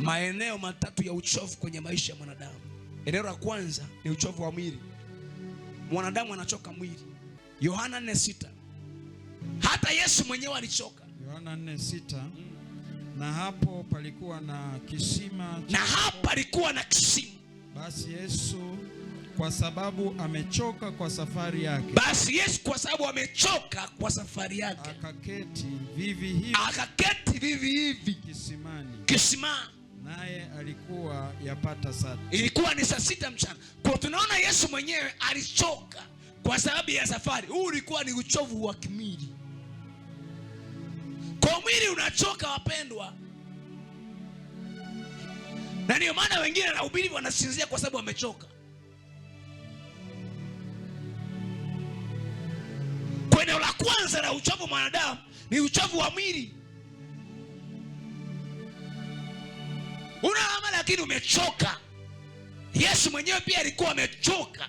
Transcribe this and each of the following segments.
maeneo matatu ya uchovu kwenye maisha ya mwanadamu. Eneo la kwanza ni uchovu wa mwili. Mwanadamu anachoka mwili. Yohana 4:6. Hata Yesu mwenyewe alichoka. Yohana 4:6. Na hapo palikuwa na kisima. Na hapo palikuwa na kisima. Basi Yesu kwa sababu amechoka kwa safari yake. Basi Yesu kwa sababu amechoka kwa safari yake. Akaketi vivi hivi. Akaketi vivi hivi. Kisimani. Kisimani naye alikuwa yapata sana. Ilikuwa ni saa sita mchana, kwa tunaona Yesu mwenyewe alichoka kwa sababu ya safari. Huu ulikuwa ni uchovu wa kimwili, kwa mwili unachoka wapendwa, na ndio maana wengine wanahubiri wanasinzia kwa sababu wamechoka. Kwa eneo la kwanza la uchovu mwanadamu ni uchovu wa mwili. lakini umechoka. Yesu mwenyewe pia alikuwa amechoka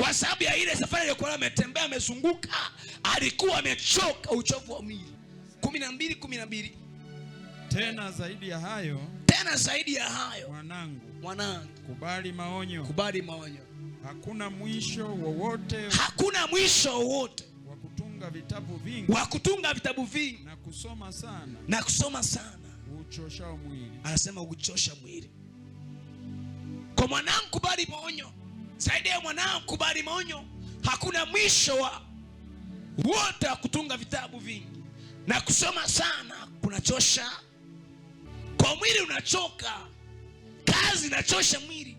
kwa sababu ya ile safari aliyokuwa ametembea, amezunguka, alikuwa amechoka, uchovu wa mwili. kumi na mbili kumi na mbili Tena zaidi ya hayo, tena zaidi ya hayo, mwanangu, mwanangu, kubali maonyo, kubali maonyo. Hakuna mwisho wowote, hakuna mwisho wowote wa kutunga vitabu vingi, wa kutunga vitabu vingi na kusoma sana, na kusoma sana kuchosha mwili, anasema kuchosha mwili. Kwa mwanangu kubali maonyo, zaidi ya mwanangu kubali maonyo. Hakuna mwisho wa wote wa kutunga vitabu vingi na kusoma sana kunachosha, kwa mwili unachoka, kazi inachosha mwili.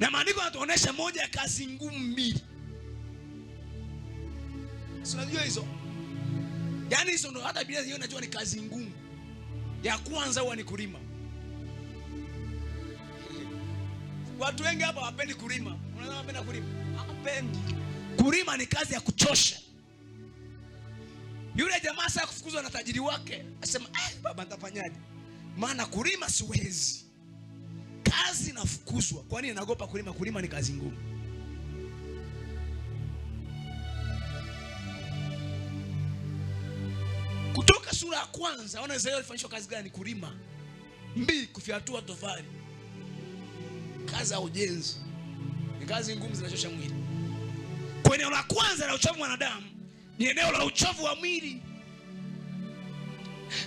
Na maandiko yanatuonesha moja ya kazi ngumu mbili, si unajua hizo Yaani hizo ndo hata bila yenyewe inajua ni kazi ngumu. Ya kwanza huwa ni kulima. Watu wengi hapa wapendi kulima. unaona wapenda kulima? Hawapendi. Kulima ni kazi ya kuchosha. Yule jamaa sasa kufukuzwa na tajiri wake, asema eh, baba nitafanyaje? Maana kulima siwezi. Kazi nafukuzwa. nini naogopa kulima? Kulima ni kazi ngumu. sura ya kwanza wana Israeli walifanyishwa kazi gani? Kulima. Mbili, kufyatua tofali. Kazi ya ujenzi ni kazi ngumu, zinachosha mwili. Kwa eneo la kwanza la uchovu wa wanadamu ni eneo la uchovu wa mwili,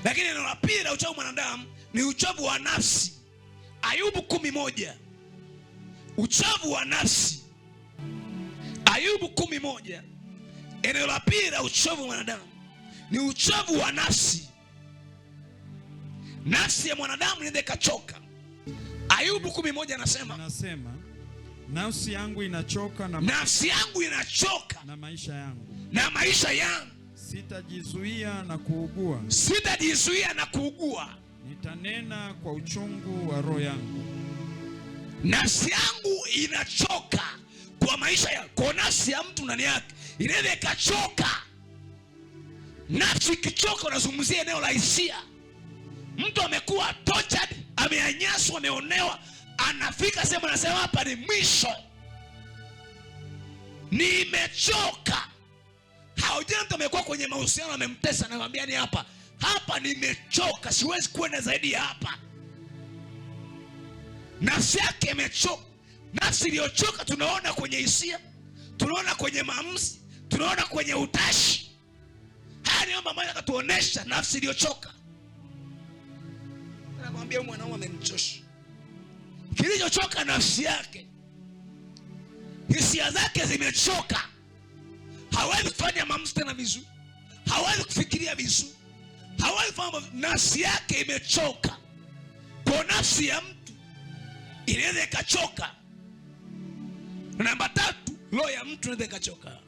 lakini eneo la pili la uchovu wa wanadamu ni uchovu wa nafsi. Ayubu kumi moja, uchovu wa nafsi. Ayubu kumi moja, eneo la pili la uchovu wa wanadamu ni uchovu wa nafsi. Nafsi ya mwanadamu inaweza ikachoka. Ayubu kumi moja anasema anasema nafsi yangu inachoka na nafsi yangu inachoka na maisha yangu na maisha yangu sitajizuia na kuugua, sitajizuia na kuugua, nitanena kwa uchungu wa roho yangu. Nafsi yangu inachoka kwa maisha ya kwa nafsi ya mtu ndani yake inaweza ikachoka Nafsi ikichoka, unazungumzia eneo la hisia. Mtu amekuwa tortured, ameanyaswa, ameonewa, anafika sehemu anasema hapa ni mwisho, nimechoka. Haujana, mtu amekuwa kwenye mahusiano, amemtesa, anamwambia ni yaani hapa hapa, nimechoka, siwezi kuenda zaidi ya hapa. Nafsi yake imechoka. Nafsi iliyochoka tunaona kwenye hisia, tunaona kwenye maamuzi, tunaona kwenye utashi mambo ambayo akatuonesha nafsi iliyochoka. Nakwambia mwanaume amenichosha, kilichochoka nafsi yake, hisia zake zimechoka, hawezi kufanya maamuzi tena vizuri, hawezi kufikiria vizuri, hawezi kufanya, nafsi yake imechoka. Kwa nafsi ya mtu inaweza ikachoka. Namba tatu, roho ya mtu inaweza ikachoka,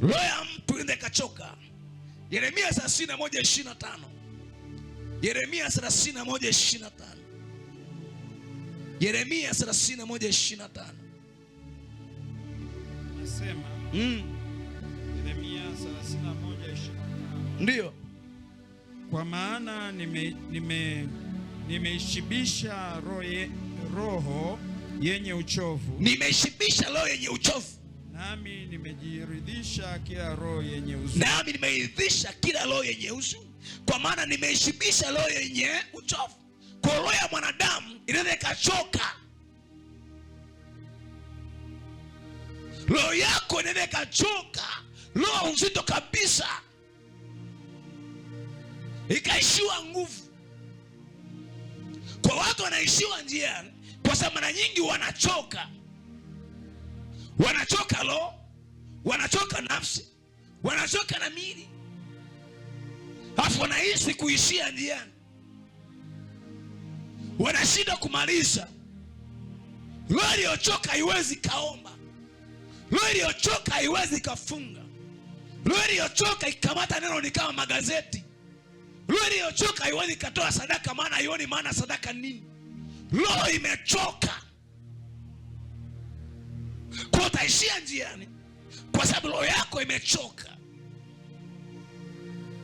roho ya mtu inaweza ikachoka. Yeremia 31:25. Yeremia 31:25. Yeremia 31:25. Nasema. Mm. Yeremia 31:25. Ndio. Kwa maana nime nime nimeishibisha roho yenye uchovu. Nimeishibisha roho yenye uchovu. Nami nimejiridhisha kila roho yenye huzuni. Nami nimeiridhisha kila roho yenye huzuni, kwa maana nimeishibisha roho yenye uchovu. Kwa roho ya mwanadamu inaweza ikachoka, roho yako inaweza ikachoka, roho uzito kabisa, ikaishiwa nguvu. Kwa watu wanaishiwa njia, kwa sababu mara nyingi wanachoka Wanachoka roho, wanachoka nafsi, wanachoka na mili, alafu wanahisi kuishia njiani, wanashinda kumaliza. Roho iliyochoka haiwezi kaomba, roho iliyochoka haiwezi kafunga, roho iliyochoka ikamata neno ni kama magazeti. Roho iliyochoka haiwezi katoa sadaka, maana haioni maana sadaka nini. Roho imechoka kwa utaishia njiani, kwa sababu roho yako imechoka.